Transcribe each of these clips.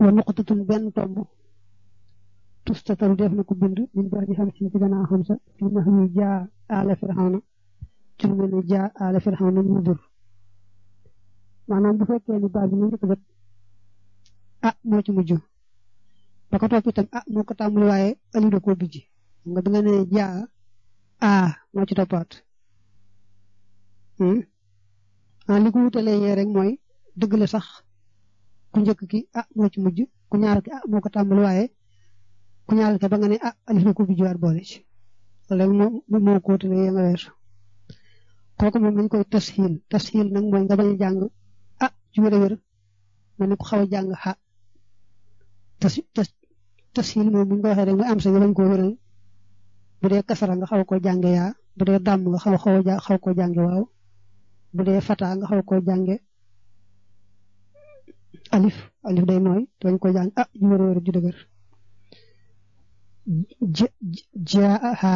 wa nuqtatun ben tombu tustataru def na ko bind min ba ji xam ci gannaaw xam sa fi na xam jaa ala firxawna ci lu mel ne jaa ala firxawna mu dur maanaam bu fekkee ni baa bi mu njëkk ah moo ci mujj ba ko topp itam ah moo ko tàmbali waaye ali da koo bijji nga bi nga ne jaa ah moo ci toppaat hmm? ah li ko wutalee yee rek mooy dëgg la sax ku njëkk ki ah moo ci mujj ku ñaar ah, ko tàmbali waaye ku ba nga ne ah alif na ko bijjuwaat boole ci léegi moom ko wutale ya dañ koy tasxiil tasxiil nag mooy nga bañ a jàng ah ci wér a wér ma ne xaw a jàng xa ah. tas tas tasxiil moom bu mooy am sa nga bañ koo wéral bu dee kasara nga xaw koo jànge yaa ah. bu dee dàmm nga xaw xaw a xaw koo bu dee fata nga xaw koo jànge alif alif day noy dañ ko jàng ah ñu wër wër ju deugar jaaha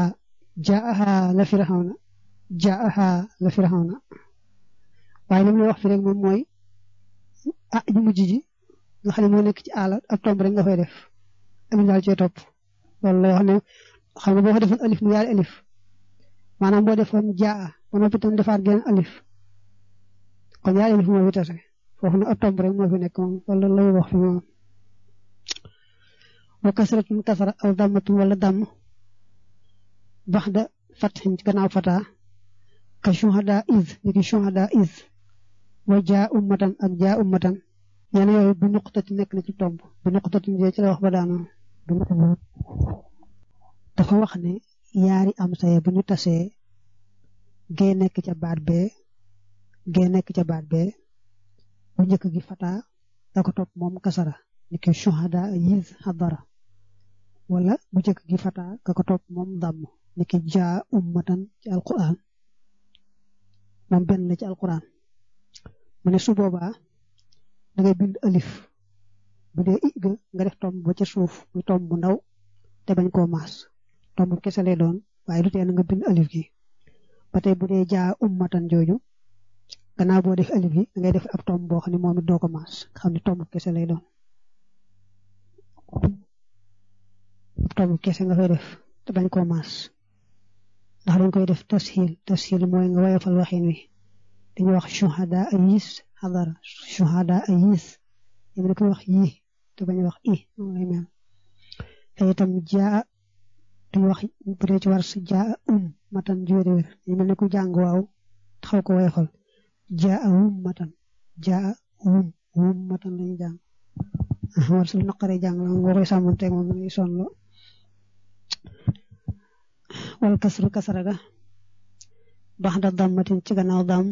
jaaha la firhauna jaaha la firhauna way lim la wax fi rek mom moy ah ñu mujj ji nga xam mo nek ci ala ak tomb rek nga fay def am dal ci top loolu la wax ne xam nga bo def alif ñu yaal alif manam bo defon jaa ba no pitam defar gen alif ko yaal alif mo fi tase wax na atob rek mo fi nek mom wala lay wax fi mom wa kasratun kasra aw damatu wala dam baxda fathin gannaaw fata ka shuhada iz ni shuhada iz wa jaa ummatan ak jaa ummatan ñene yoy bu nuqtati nek na ci tomb bu nuqtati je ci la wax ba daana bu dafa wax ne yaari am saya bu ñu tassé ge nek ci baat be ge nek ci baat be bu njëkk gi fata da ko topp moom kasara ni ki shuhada yiz hadara wala bu njëkk gi fata ka ko topp moom dàmm ni ki jaa ummatan ci alquran moom benn ci alquran mu ne su boobaa da ngay bind alif bu dee i ga nga def tomb ba ca suuf muy tomb bu ndaw te bañ koo maas tomb kese lay doon waaye du tee nga bind alif gi ba tey bu dee jaa ummatan jooju gannaaw boo def alif gi ngay def ab tomb boo xam ne moom it doo ko maas xam ne tomb kese lay doon tomb kese nga fay def te bañ koo maas ndax dañ koy def tashil tashil mooy nga wayafal waxin wi dañuy wax shuhada ayis hadar shuhada ayis yéen da koy wax yi te bañ wax i moom lay mel te tam jaa di wax bu dee ci war wars jaa um matan juwéri wér ñu mel ne ku jàng waaw xaw ko wayafal jaa a wum matan jaa a wum wum matan la ñu jàng war su naqaree jàng la boo koy sàmmanteeg moom da lo wal kasru kasara ga baxda dammatin ci gannaaw damm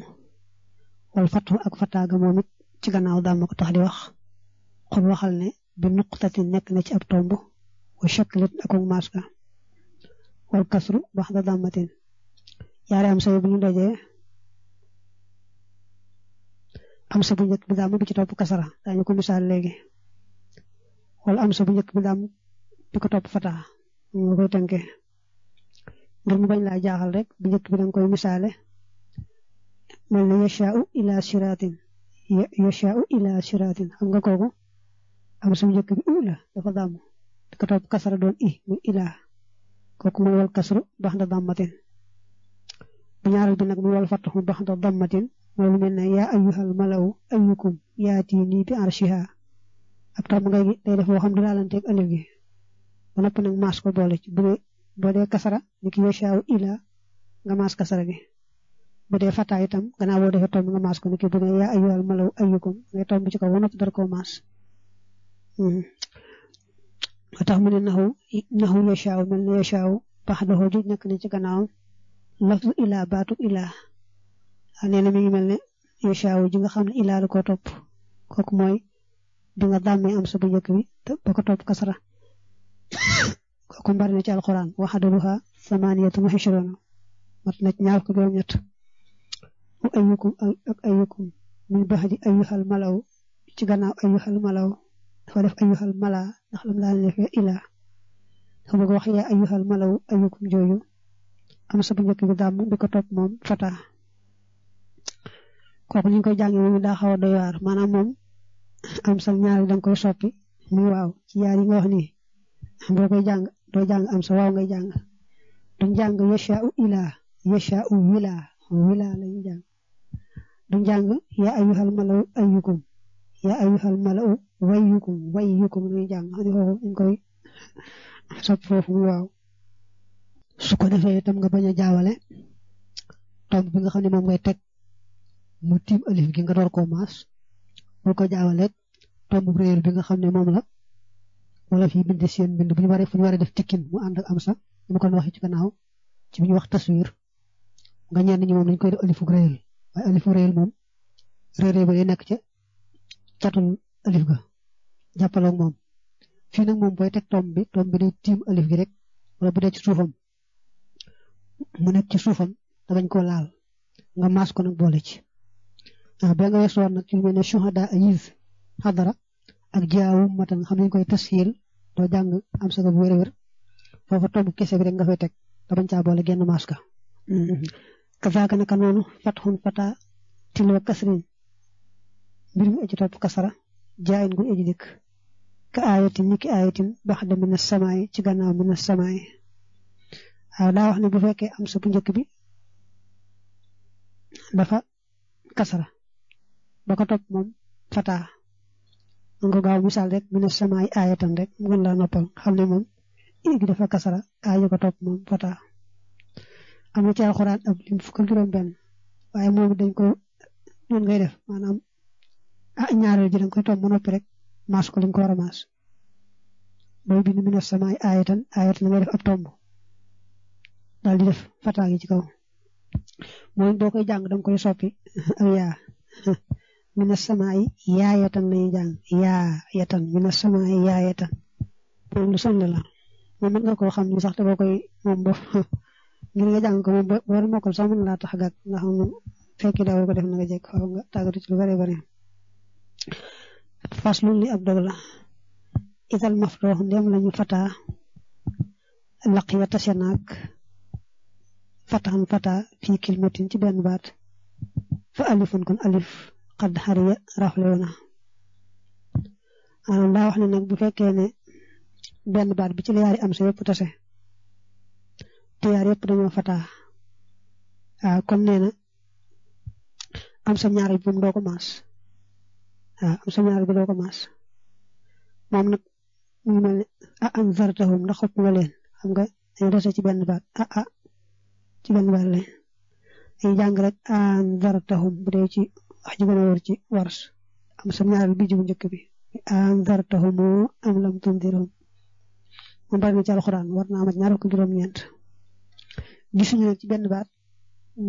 wal fatxu ak fataaga moom it ci gannaaw damm wax xul waxal ne bi nuqtati nekk na ci ab tomb wa shaklit ak ak maska wal kasru baxda dammatin yaari am say bu am sa bu njëkk bi daam bi ci topp kasara daañu ko misal legi wala am sa bu njëkk bi daam bi ko topp fata ñu koy tanké ngir mu bañ la jaaxal rek eh. bu njëkk bi dang koy misalé mel la yasha'u ila siratin ya, yasha'u ila siratin am nga koku am sa bu njëkk bi u dafa daam bi ko topp kasara doon i mu ila koku mu wal kasru damatin, damatin bu ñaaral bi nak mu wal fatahu damatin wala mel na yaa ayyuhal malaw ayyukum yaati nii bi arshiha ak tam nga day def woo xam du laalanteeg alif gi ba nopp nag maas ko boole ci bu boo kasara ni ki yashaaw ila nga maas kasara gi bu dee fataa itam gannaaw boo defee tomb nga maas ko ni ki bu ne yaa ayyuhal malaw ayyukum ngay tomb hmm. ci ko ba nopp dar koo maas tax mu ne naxu naxu yashaaw mel na yashaaw pax doxoo ju nekk ci gannaawam lafzu ila baatu ila a na mi ngi mel ne incha ji nga xam ne ilaalu ko topp kooku mooy bi nga dàmmee am sa bu njëkk bi te ba ko topp kasara kooku mbari na ci alxuraan waxadaluha samaniyatun wa ishruna mat na ci ko juróom ñett u ayyukum ak ayyukum min baxdi malaw ci gannaaw ayyuhal malaw dafa def ayyuhal mala ndax lam laa defee ilaa dafa bëgg wax yaa ayyuhal malaw ayyukum jooju am sa bu njëkk bi dàmm ko topp moom fataa kooku ni ñu koy jàng moom daa xaw a doy waar maanaam moom am sa ñaari da nga koy soppi muy waaw ci yaar yi nga wax nii boo koy jàng doo jàng am sa waaw ngay jàng duñ jàng yasha u ilaa yasha u wilaa wilaa lañu jàng duñ jàng yaa ayyuhal mala'u ayyukum yaa ayyuhal mala'u wayyukum wayyukum lañu jàng xam ne foofu ñu koy soppi foofu muy waaw su ko defee itam nga bañ a jaawale tomb bi nga xam mu tim alif gi nga door ko maas bu ko jaawale tomb reer bi nga xamne mom la wala fi bind seen bind bu ñu waree fu ñu waree def tikin mu and ak am sa ñu ko waxee ci gannaaw ci bu ñu wax taswir nga ñaan ñi mom dañ koy def alif reer réel alif reer mom reer reer ba day nekk ci catul alif ga jàppaloog mom fi nak mom boy tek tomb bi tomb bi day tim alif gi rek wala bu de ci suufam mu nekk ci suufam da bañ ko laal nga maas ko nak boole ci ah boo nga weesu woon nag ci lu mel ne ayis xadara ak jaawu matan xam nañ koy ta tasxiil doo jàng am sa bu wér-wér foofa tomb kese bi rek nga fay teg te bañ caa boole genn maska. Mm-hmm. kazaaka naka noonu fatxun fata tilwa kasrin mbir mu aju topp kasara jaayin ka aayatin niki aayatin baxda mina ci gannaaw mina samaay ah, daa wax ne bu fekkee am sa bu njëkk bi dafa kasara. ba top mom fata ngo man ko gaaw misaal rek mu ne samaay aayatan rek mu la noppal xamne mom igi dafa kasara aaya ko top mom fata am ci alquran ak lim fukk juroom ben waye waaye dañ ko noonu ngay def manam a ñaaral ji dañ ko top ba noppi rek mas ko liñ ko mas a maas booy bind mu ne samaay ayat la ngay def ak tombu dal di def fata gi ci kaw mooy boo koy jàng koy soppi ak mina samaayi yaayatan lañu jàng yaayatan mina samaayi yaayatan moom lu sonn la moom mën nga koo xam ni sax te boo koy moom bof ngir nga jàng ko moom boo la mokkal sax mën laa tax gàkk ndax moom fekki daaw ko def na nga jekk faaw nga tàggatu ci lu bare bare fas lu li ab dog la ital mafloox ndem lañu fataa laq ya tase naag fataan fataa fii kilmatin ci benn baat fa alifun kon alif qad harwa rahluna ana da wax ni nak bu fekke ne ben baat bi ci yaari am sa yépp tassé te yaar yépp dañu fata a kon neena am sa ñaari bu ndoko ko mas ah am sa ñaari bu ndoko ko mas mom nak ñu mel a zartahum ndax xop walen xam nga ñu dassa ci ben baat a a ci ben baat lay jang rek zartahum bu ci wax ji war ci wars am sa ñaaral bi jibu njëkk bi andartahum am lam tundirhum mo bari na ci alquran war na am ñaar ko juroom ñent gisuñu nak ci benn baat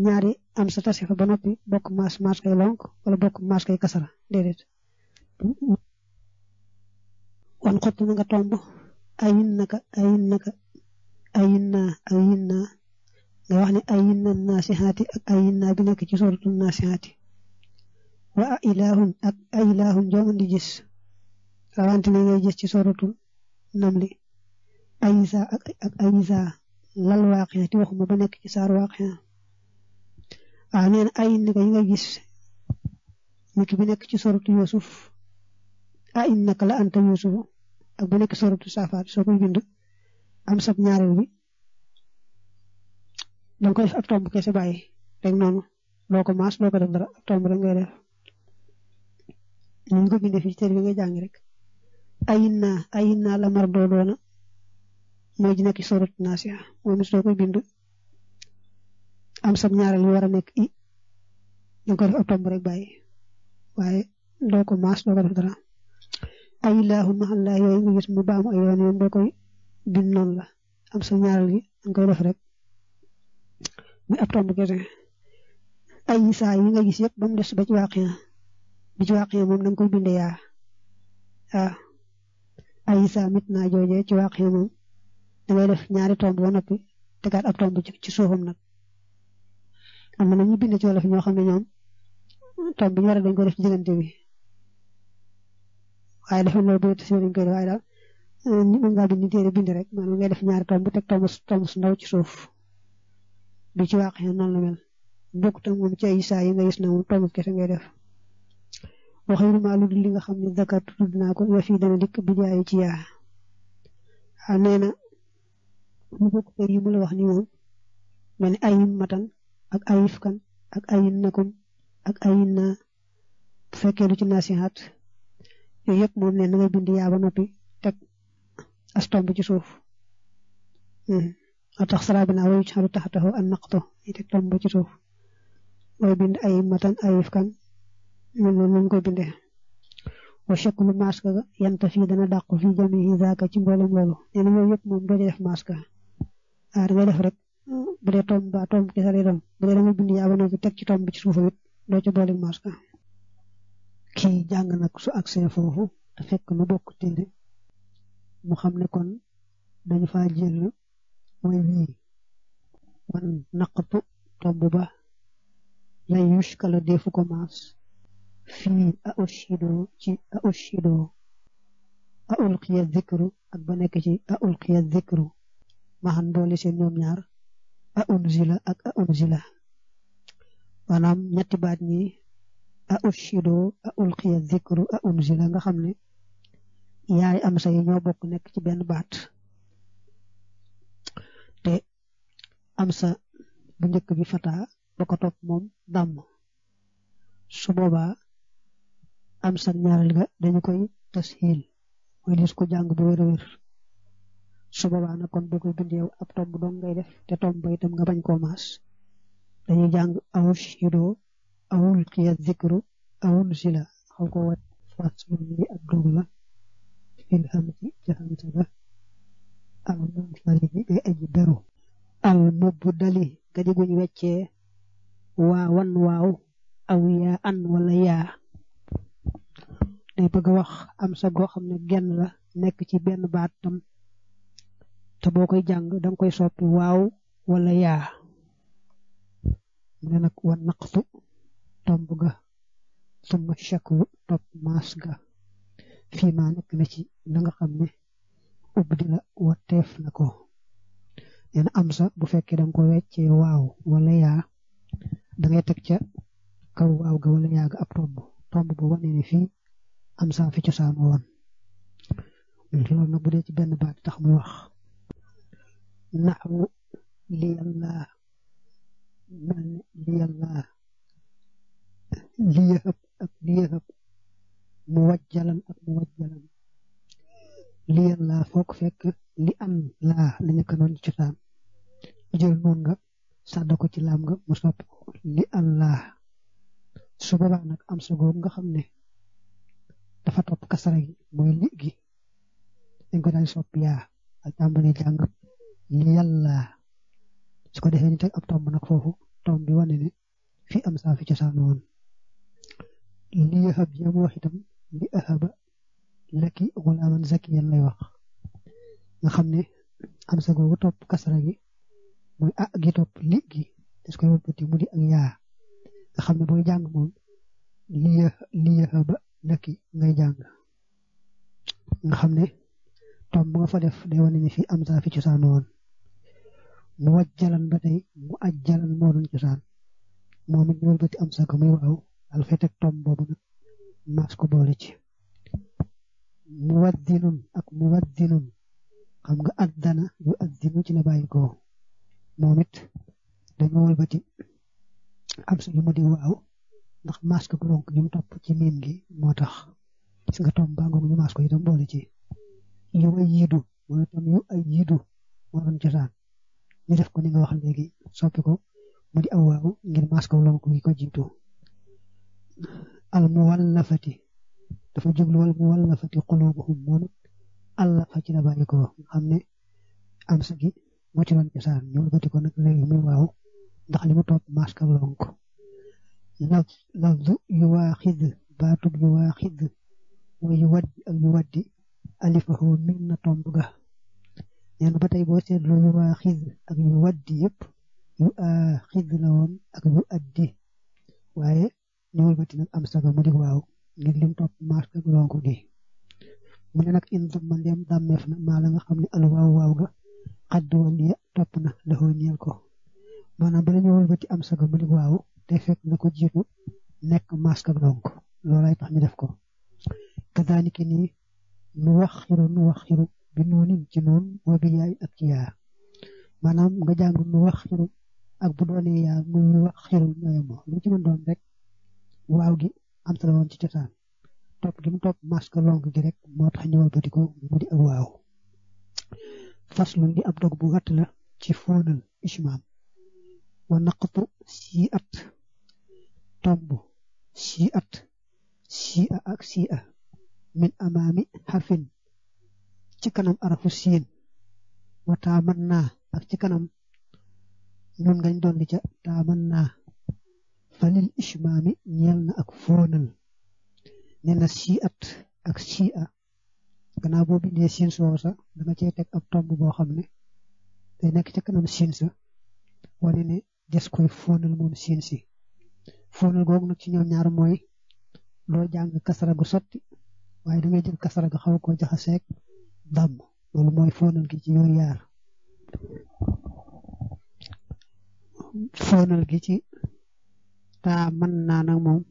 ñaari am sa tasé fa ba noppi bokk mas mas kay lonk wala bokk mas kay kasara dedet wan xott na nga tomb ayin naka ayin naka ayin na ayin na nga wax ni ayin na nasihati ak ayin na bi nekk ci suratul nasihati wa ilahun ak ilahun jom di gis rawanti na ngay gis ci soratu namli aiza ak ak aiza lal waqiya ti waxuma ba nek ci sar waqiya amen ah, ay ni ngay nga gis niki bi nek ci soratu yusuf a ah, innaka la anta yusuf ak bu nek soratu safat soko bindu am sab ñaaral bi dang koy ak ab tomb kesse baye rek nonu loko mas loko dara tomb rek ngay def ñu ko bindé fi ci jang rek ayna ayna la mardodona moy dina ki surat mo mom su ko bindu am sam ñaaral wara nek i ñu ko def bayi, rek bayyi waye do ko mas do ko def dara ay ilahu allah yoy ñu gis mu baam ay yoon yoon do koy bind non la am sam ñaaral gi ñu koy def rek muy octobre bu ay isa yi nga gis yépp bam dess ba ci waqiya bi ci wàq yi moom da nga koy bindee yaa ah ayisa mit naa joojee ci wàq yi moom da ngay def ñaari tomb ba noppi tegaat ab tomb ci suufam nag am na ñuy bind ci wolof ñoo xam ne ñoom tomb bi ñu war a ko def ci diggante bi waaye dafa loolu bëri tasuma dañ koy def waaye daal mën rek maanaam ngay def ñaari tomb teg tomb tomb su ndaw ci suuf bi ci wàq yi noonu la mel bokkut moom ci ayisa yi nga gis ne moom tomb kese ngay def. وخير ما لود ليغا خامي ذكرت ردناكو وفي ذلك بدايه جيا انينا نبوك تي مولا واخ ني موم من اي متان اك اي فكان اك اي نكم اك اي نا فكي لو تي ناسيات ييب مو نين نغا بند يابا نوبي تك استوم بي سوف ا تخسرا بنا وي تحتو النقطه يتك تومبو سوف وي بند اي متان اي فكان ñun loolu lañ koy bindee wa shaklu maska ga yanta fii dana dàqu fii jamihi zaaka ci mboolem loolu nee na yooyu moom doo ci def maska ah da ngay def rek bu dee tomb ba tomb kese lay bu dee da nga bind yaa teg ci tomb bi ci suufam it doo ci boole maska kii jàng nag su accès foofu te fekk lu bokk téere mu xam ne kon dañu faa jël mooy wii wan naqatu tomb ba lay yush kala defu ko maas Fi a urshidu ci a urshidu a ulqiya dhikru ak ba nek ci a ulqiya dhikru maxan doole seen ñom ñaar a unzila ak a unzila maanaam ñetti baat ñi a urshidu a ulqiya dhikru a unzila nga xamne yaay am say ñoo bokk nek ci benn baat te am sa bu ñëk bi fata bako ko mom dam su boba am sag ñaareel ga dañu koy tasxiil mooy des ko jàng bu wér a wér kon boo koy bind yow ab dong ngay def te tomb ba itam nga bañ koo maas dañuy jàng awul sidoo awul kiya zikru sila xaw ko wat faas moom ni ak dog la fil xam ci jaxamte ba al mun fari bi day bëgg wax am sa goo xam ne genn la nekk ci benn baat tam te boo koy jàng danga koy soppi waaw wala yaa mu ne nag wa naqtu tomb ga summa shakku topp maas ga fii maa nekk na ci la xam ne ubbi la wateef na ko nee na am sa bu fekkee danga ko weccee waaw wala yaa da teg ca kaw waaw ga wala yaa ga ab tomb tomb booba nee ne fii am saa fi woon loolu nag ci benn baat tax muy wax naxwu li laa mel ne li yàllaa mu wajjalan ak mu foog fekk li am laa la nekk noonu ci cosaan jël noon ko ci laam ga mu sopp li allah su boobaa am sa góob nga xam ne dafa top kassara gi moy li gi dañ ko daal soppi ak ak tàmbali jàng yalla su ko defé ni teg ak tomb nak fofu tomb bi wone ne fi am sa fi sa non ni ya hab wax hitam eh, ni ahaba laki gulaaman zakiyan lay wax nga xam am sa go top kassara gi moy ah gi top li gi des koy wëlbati mu di ak ya nga xam ne jang mom lañ cosaanoo mu wàjjalan ba tey mu ajjalan moo doon cosaan moom it ñu wëlbati am saga muy moo ci doon cosaan ñu ëlbati ko nag léegi muy waaw ndax li mu topp masque ak lonk laf lafdu yu waa xid baatub yu waa xid mooy yu waddi ak tomb ga ñeen ba tey boo seetloo yu waa xid ak yu waddi yëpp yu aa xid la woon ak yu addi waaye ñu ëlbati nag am saga mu di waaw ngir lim topp masque ak lonk gi ne nag in dam ma ndem dàmmeef na maa la nga xam ne alu waaw waaw ga adduwan ya top na lahu ñeel ko maanaam bala ñu wëlbati am saga mu ni waaw te fekk na ko jiitu nekk masque ak donc loolay tax ñu def ko kadaalika ni nu wax xiru nu wax xiru bi noonin ci noon wa bi yaay ak ci yaa maanaam nga jàng nu wax xiru ak bu doonee yaa muy nu wax xiru ñooyamo lu ci mën doon rek waaw gi am sa la woon ci cosaan topp gi mu topp masque lonk gi rek moo tax ñu wëlbati ko mu di ak waaw faslun di ab dog bu gàtt la ci fóonal ishmaam wa naqtu si at tomb si at si a ak si a min amaami xarfin ci kanam arafu siin wa taaman naa ak ci kanam nun ngañ doon di ca taaman naa falil ishmaami ñeel na ak fóonal ne na at ak si a gannaaw boo bindee siin soow sa dama cee teg ab tomb boo xam ne day nekk ca kanam siin sa wane ne des koy fóonal moom siin si fóonal googu nag ci ñoom ñaar mooy loo jàng kasara gu sotti waaye da ngay jël kasara ga xaw koo jaxaseeg dàmm loolu mooy fóonal gi ci yooyu yaar fóonal gi ci taa mën naa nag moom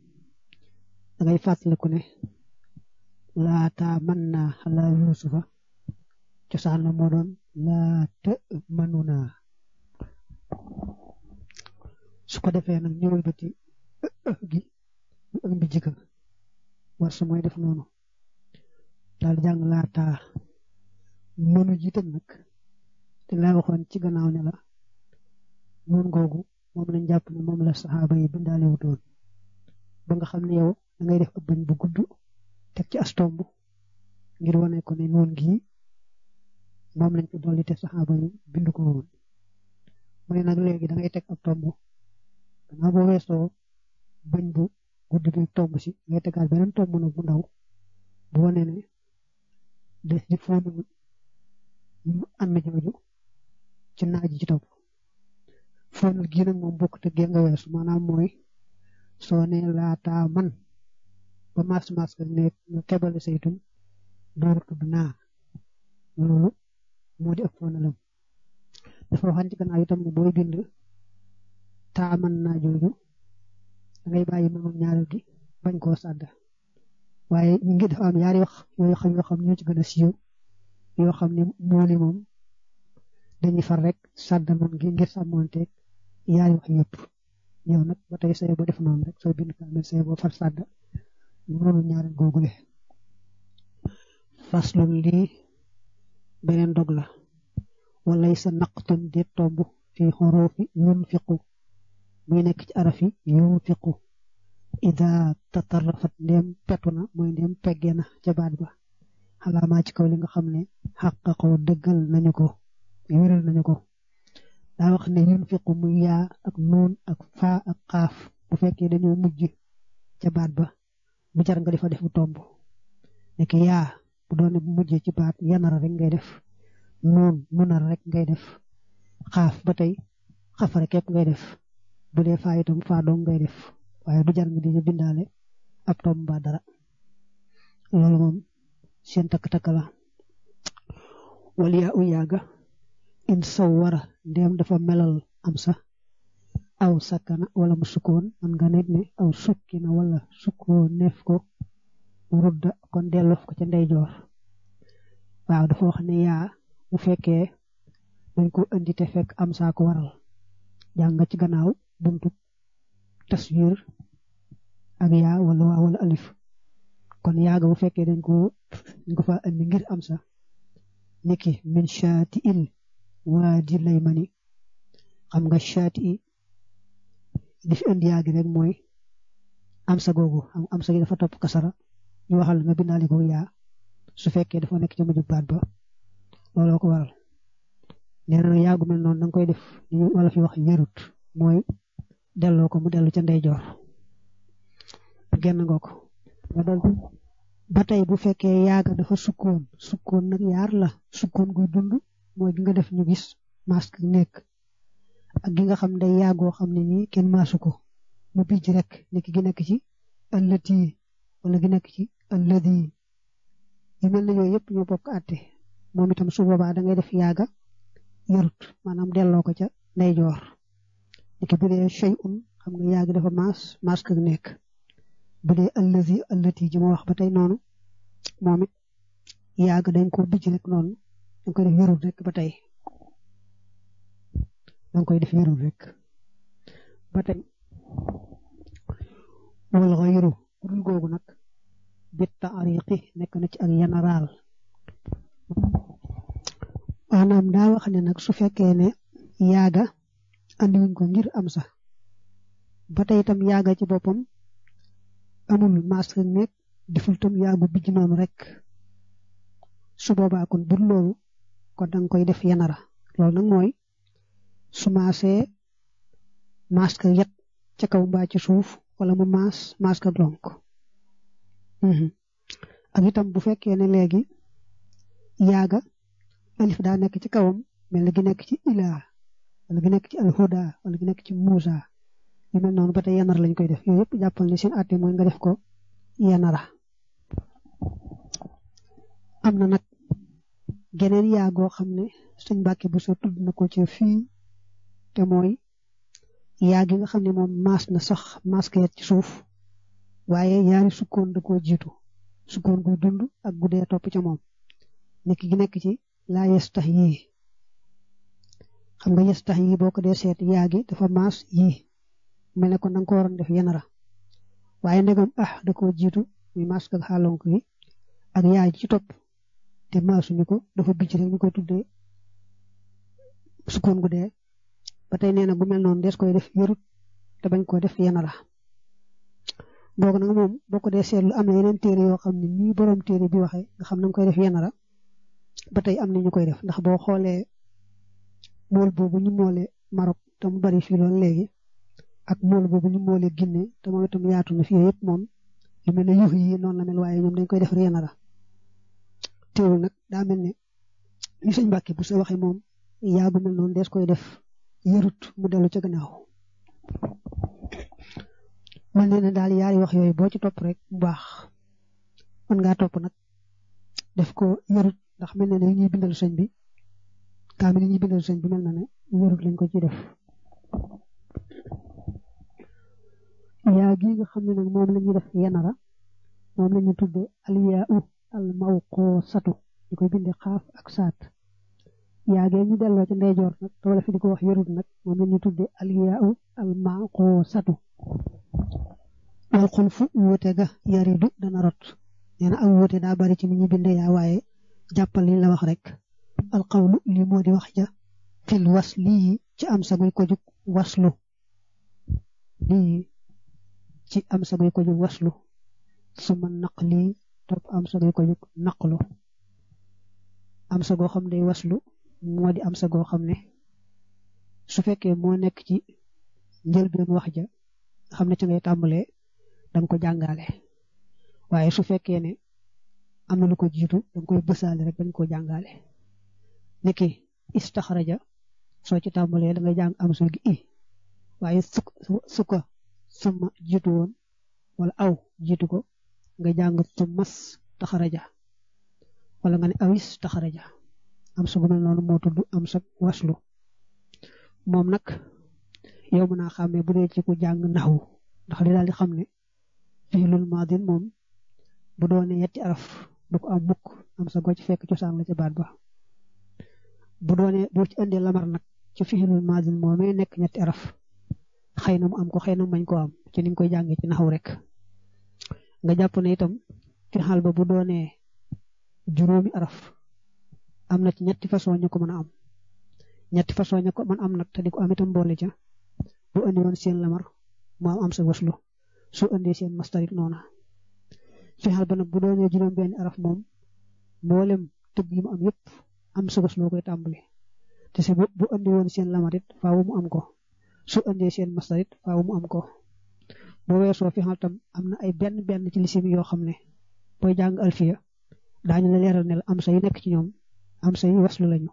da ngay fàttaliku ne ta manna ala yusufa cosaan ma moo doon laa manuna su ko defee nag ñëwal ba ci gi ak bi jëkk war sa mooy def noonu daal jàng laa taa mënu jiitam nag te laa waxoon ci gannaaw ne la noon googu moom lañ jàpp ne moom la saxaaba yi bindaale wutoon ba nga xam ne yow da ngay def ab bañ bu gudd tek ci astomb ngir wone ko ne noon gi mom lañ ko dolli te sahaba yi bind ko woon mu ne nag léegi da ngay teg ab tomb gannaaw boo weesoo bañ bu gudd bi tomb si ngay tegaat beneen tomb nag bu ndaw bu wone ne des di fóonu ñu amé jooju ci naaji ci topp fóonul gi nag moom bokk te nga weesu maanaam mooy soo ne laataa man ba mars mars ga ne kebal saytum door tudd naa lolu modi di ëppoon alam dafa waxan ci gannaaw itam ne bind ta naa na da ngay bayyi mom ñaaral gi bañ ko sadda waye ñi ngi dafa am yaari wax yooyu xam yoo xam ñu ci gëna a yo yoo xam ni mooli mom dañuy far rek sadda mom gi ngir samonté yaari wax yépp yow nak batay sey bo def non rek soo bind kaamel sey boo far sadda loolu ñaareel googule faslun lii beneen dog la walay sa naqtun di tomb fi xuruufi yunfiqu muy nekk ci araf yi yunfiqu ida tatarrafat ndéem petu na mooy ndéem peggee na ca baat ba xalaamaa ci kaw li nga xam ne xàqaqo dëggal nañu ko wéral nañu ko daa wax ne yunfiqu muy yaa ak nuun ak faa ak xaaf bu fekkee dañoo mujj ca ba bu jar nga difa def bu tomb nek ya bu doone bu mujjé ci baat yanara rek ngay def nun munar rek ngay def xaaf batay tey rek képp ngay def bu dee faa fa do ngay def waye bu jar nga di bindale ya. ab tomb ba dara loolu mom seen tak tak la wal u yaga in sawara ndem dafa melal am sax aw sakkana wala mu sukkoon man nga net ne aw sukkina wala sukkoo neef ko rudda kon delloof ko ca ndeyjoor waaw dafa wax ne yaa bu fekkee dañ ko indi te fekk am saako ko waral jàng nga ci gannaaw buntu taswiir ak yaa wala waa wala alif kon yaaga bu fekkee dañ ko dañ ko fa indi ngir am sa niki min shaati il waa lay mani xam nga shaati di fi andi yaagi rek mooy am sa googu am sa gi dafa topp kasara ñu waxal nga bindaale ko yaa su fekkee dafa nekk ci mujj baat ba looloo ko waral nee na yaa mel noonu da koy def ñu wala fi wax ñarut mooy delloo ko mu dellu ca ndeyjoor genn nga ko nga dal ba tey bu fekkee yaaga dafa sukkoon sukkoon nag yaar la sukkoon guy dund mooy gi nga def ñu gis masque nekk ak gi nga xam day yaagoo xam ne nii kenn maasu ko mu bijj rek nekk gi nekk ci allati wala gi nekk ci alladi yu mel ne yooyu yëpp ñoo bokk àtte moom itam su boobaa da def yaaga yarut maanaam delloo ko ca ndeyjoor niki bu dee shay un xam nga yaaga dafa maas maas ko nekk bu dee allazi allati ji ma wax ba tey noonu moom it yaaga dañ ko bijj rek noonu dañ ko def yarut rek ba tey da koy def weerul rek ba tey wal xayru dul googu nag bi taariqi nekk na ci ak général maanaam daa wax ne nag su fekkee ne yaaga andi ko ngir am sax ba tey itam ci boppam amul masque nekk deful tam yaagu bijj noonu rek su boobaa kon bu loolu kon da koy def yanara loolu nag mooy sumase masque maas yet ca kaw ba ci suuf wala mu mas masque ka hmm ak itam bu fekkee ne léegi yaaga alif daa nekk ci kawam mel gi nekk ci ila wala gi nekk ci alhuda wala gi nekk ci musa yu mel noonu ba tey yanar lañ koy def yooyu yëpp jàppal ne seen àtte mooy nga def ko yanara am na nag geneen yaa goo xam ne sëñ Mbàkke bu soo tudd na ko ci fii te mooy yaa gi nga xam ne moom maas na sax maas keet ci suuf waaye ñaari sukkoon da koo jiitu sukkoon guy dund ak gu dee topp ca moom nekk gi nekk ci laa yes tax yii xam nga yes tax yii boo ko dee seet yaa gi dafa maas yii mel ne ko na nga ko waroon def yenara waaye ndegam ah da koo jiitu muy maas ak xaalonk ak yaa ci topp te maasuñu ko dafa bicc rek ñu koy tuddee sukkoon gu dee ba tey nee na gu mel noonu des koy def yorut te bañ koo def yenn la boobu nag moom boo ko dee seetlu am na yeneen téere yoo xam ne nii borom téere bi waxee nga xam na nga koy def yenn la ba tey am na ñu koy def ndax boo xoolee mool boobu ñu moolee Maroc te mu bari fii loolu léegi ak mool boobu ñu moolee Guinée te moom itam yaatu na fi yëpp moom lu mel ne yuux yi noonu la mel waaye moom dañ koy def yenn la téewul nag daa mel ne li sëñ Mbàkke bu sa waxee moom yaa gu mel des koy def. yërut ya mu delu ci gannaaw man nee dal yaari wax yoy bo ci top rek bu baax man nga top nak def ko yërut ndax mel ne bindal señ bi bindal señ bi ne lañ ko ci def Ya gi nga xamne nak mom lañu def yenara ya, mom lañu tudde aliyaa u uh, al mawqusatu ñu koy khaf ak sat yaage ñu delloo ci ndeyjoor nag wala fi di ko wax yorut nag moom la ñu tudde al yaa'u al maqusatu wal khulfu wuute ga yaridu dana rot neena ak wuute daa bari ci ni ñu yaa waaye jàppal li la wax rek al qawlu li moo di wax ja fil wasli ci am saguy ko jug waslu lii ci am saguy ko jug waslu suma naqli top am saguy ko jug naqlu am sa goo xam day waslu moo di am sa goo xam ne su fekkee moo nekk ci njëlbeen wax ja xam ne ci ngay tàmbalee danga ko jàngaale waaye su fekkee ne am lu ko jiitu danga koy bësaale rek dañ ko jàngaale niki istaxraja soo ci tàmbalee da ngay jàng am soo gi i waaye suk suka suma jiitu woon wala aw jiitu ko nga jàng tumas taxaraja wala nga ne awis taxaraja am sa gu mel noonu moo tudd am sa waslu moom nag yow mën naa xàmmee bu dee ci ku jàng naxu ndax li daal di xam ne fiilul maadin moom bu doonee yetti araf du ko am mukk am sa goo ci fekk cosaan la ca baat ba bu doonee boo ci indee lamar nag ci fiilul maadin moomee nekk ñetti araf xëy na mu am ko xëy na mu bañ koo am ci ni koy jàngee ci naxu rek nga jàpp ne itam ci xaal ba bu doonee juróomi araf amna ci ñetti façon ñu ko mëna am ñetti façon ñu ko man am nak te diko amitam bolé ja bu andi won seen lamar mo am am sa waslu su andee seen mastarif nona fexal hal ban bu doonee juróom ben araf mom mboolem tegg yi mu am yépp am sa waslu koy tàmbali te si bu bu andi won seen it faaw mu am ko su andee seen mastarif faaw mu am ko bu fi hal tam amna ay ben ben ci lisim yoo xam ne jang alfiya dañu la leral ne am sa yu nek ci ñoom am say waslu lañu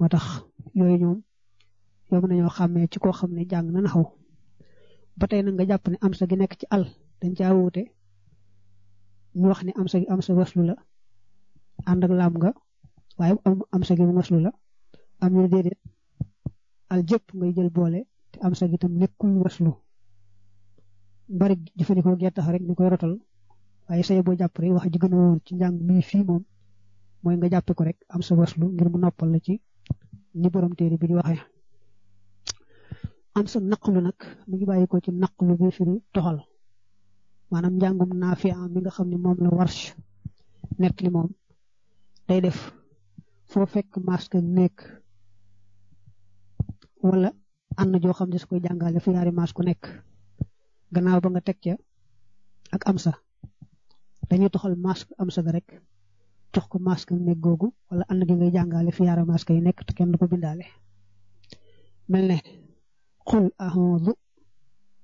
motax yoy ñoom yom nañu xamé ci ko xamné jang na naxaw batay na nga japp ni am sa gi nek ci al dañ ca wuté ñu wax ni am sa gi am sa waslu la and ak lam nga waye am sa gi waslu la am ñu dédé al jëpp ngay jël boole te am sa gi tam nekkul waslu bari jëfëndiko getax rek ñu koy rotal waye say bo japp rek wax ji gëna woon ci jang mi fi mom moy nga japp ko rek am sa waslu ngir mu noppal la ci ni borom téré bi di waxe am sa naqlu nak mu ngi bayiko ci naqlu bi fi toxal manam jangum nafi'a mi nga xamni mom la warsh net li mom day def fo fek masque nek wala an jo xam dis koy jangale fu yari masque nek gannaaw ba nga tek ca ak amsa dañu toxal masque amsa ga rek jox ko masque yu nekk googu wala ànd gi ngay jàngale fi yaara masque yu nek te kenn du ko bindaale mel ne xul ahondu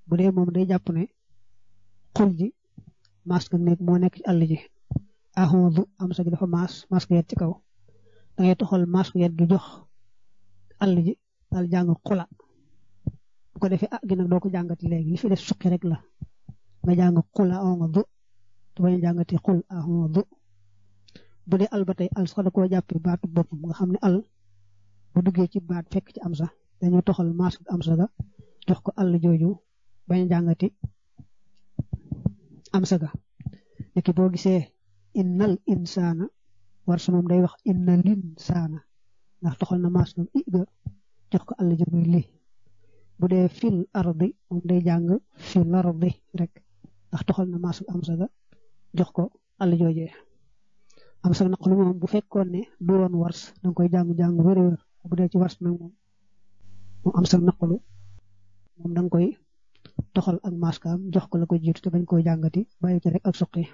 bu dee moom day jàpp ne xul ji masque nekk moo nekk ci àll ji ahondu am sa gi dafa maas masque yet ci kaw da ngay toxal masque yet gi jox àll ji daal jàng xula bu ko defee ah gi nag doo ko jàngati léegi li fi def suqi rek la nga jàng xul ahondu te bañ a jàngati xul ahondu bu dee al ba tey al sax da koo jàppee baatu boppam nga xam ne al bu duggee ci baat fekk ci am sax dañoo toxal maas am sax ga jox ko al jooju bañ a jàngati am sax ga nekki boo gisee innal insaana war sa moom day wax innal insaana ndax toxal na maas i ga jox ko alla jooju li bu dee fil day jàng fil ardi rek ndax toxal na maas am sax ga ko al joojee am sa naqlu mom bu fekkon ne du won wars dang koy jang jang wër wër bu dé ci wars nak mom mu am sa naqlu mom dang koy toxal ak maskam jox ko la ko jitu te bañ koy jangati bayyi ci rek ak suqi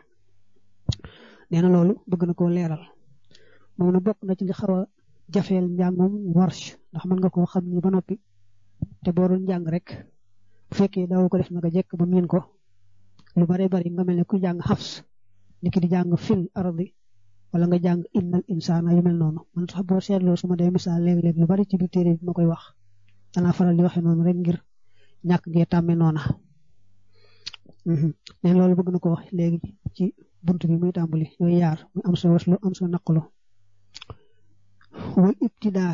neena lolu bëgg na ko leral mom na bok na ci nga xawa jafel jangum wars, ndax man nga ko xam ni ba nopi te bo doon jang rek bu fekkee daw ko def nga jek ba min ko lu bari bari nga melni ku jang hafs niki di jang fil ardi wala nga jang innal insana yu mel noonu man sax bo setlo suma ma misal leg leg lu bari ci biir tere bi ma koy wax dana faral di waxe noonu rek ngir ñàkk gee nona noona ne mhm. loolu bëgg na ko wax léegi ci buntu bi muy tambuli yo yar muy am so waslu am so naqlu wal ibtida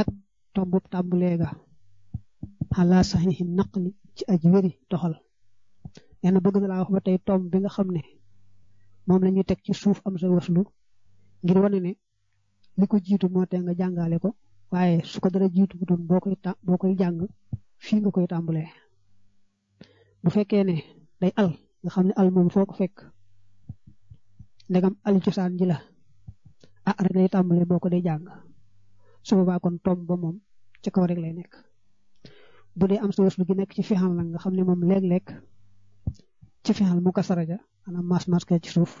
ak tambule ga ala saxihi naqli ci ajweri toxal nee bëgg na wax ba tay tom bi nga xamne moom lañuy teg ci suuf am sa waslu ngir wane ne li ko jiitu moo tee nga jàngale ko waaye su ko dara jiitu bu boo koy ta boo koy jàng fii nga koy tàmbalee bu fekkee ne day al nga xam ne al moom foo ko fekk ndegam al cosaan ji la ah rek lay tàmbalee boo ko day jàng su boobaa kon tomb ba moom ca kaw rek lay nekk bu dee am sa waslu gi nekk ci fexam la nga xam ne moom léeg-léeg ca final mu kasara ja maanaam mas maska ci suuf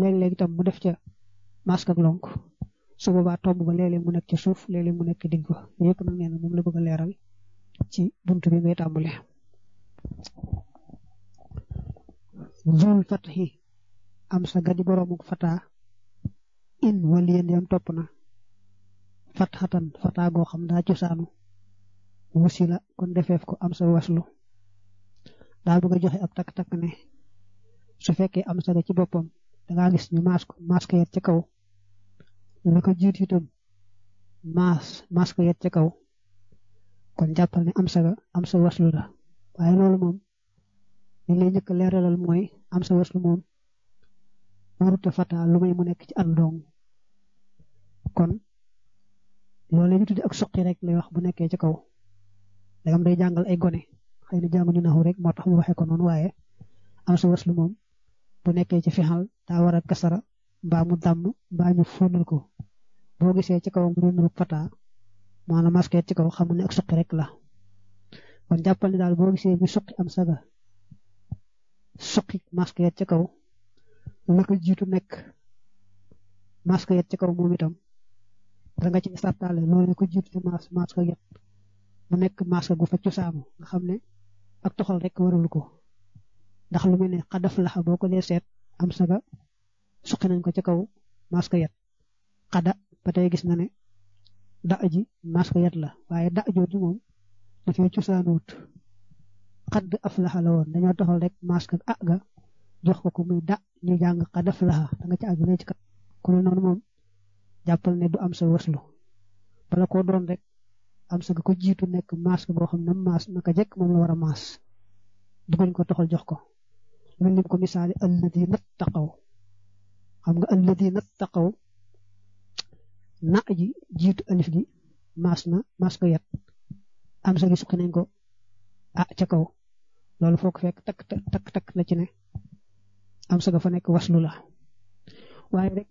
léeg-léeg itam mu def ca maska ak lonk su boobaa ba léeg-léeg mu nekk ci suuf léeg-léeg nekk digg ba yëpp nag nee na moom la bëgg a leeral ci buntu bi ngay gadi boroomu fataa in waliyen yam topp na fatt fataa goo xam daa cosaanu wusi la kon defeef ko am sa waslu daa bëgg a joxe ab takk su fekkee am saga ci boppam dangaa gis ñu maas ko maas yet ci kaw la ko jiitu itam maas maas yet ci kaw kon jàppal ne am saga am sa waslu la waaye loolu moom li lay njëkk leeralal mooy am sa waslu moom warut a fata lu may mu nekk ci at dong kon loolu ñu tuddi ak soqi rek lay wax bu nekkee ci kaw dagam day jàngal ay gone xëy jàng jànguñu naxu rek moo tax mu waxee ko noonu waaye am waslu moom bu nekkee ci fexal daa war a kasara mbaa mu damm mbaa ñu fóonal ko boo gisee ci kaw mu doon fata maanaam maske ci kaw xam ne ak suqi la kon jàppal daal boo gisee ñu am saga suqi maske ci kaw la ko jiitu nekk maske ci kaw moom itam da nga ci sartaale loolu ko jiitu ci mas maske yet mu nekk maske gu fa cosaanu nga xam ne ak toxal rek waralu ko ndax lu melni qadaf laha boko le set am saga suqi nañ ko ci kaw maska yat qada patay gis na ne da ji maska yat la waye da jooju moom dafay cosaanuwut xadd af laxa la woon dañoo toxal rek maska ak ga jox ko ko muy da ñu jang qadaf laha da nga ci àgg ci kat ko non mom jappal ne du am sa waslu bala ko doon rek am sa ko jitu nek maska bo xam na naka jek mom la wara ko taxal jox ko mel ni ko misaale alladina taqaw xam nga alladina taqaw na ji jiit alif gi maas na maas ko yat am sa gi sukki nañ ko a ah, ca kaw loolu foo ko fekk takk takk takk la ci ne am sa ga fa nekk waslula la rek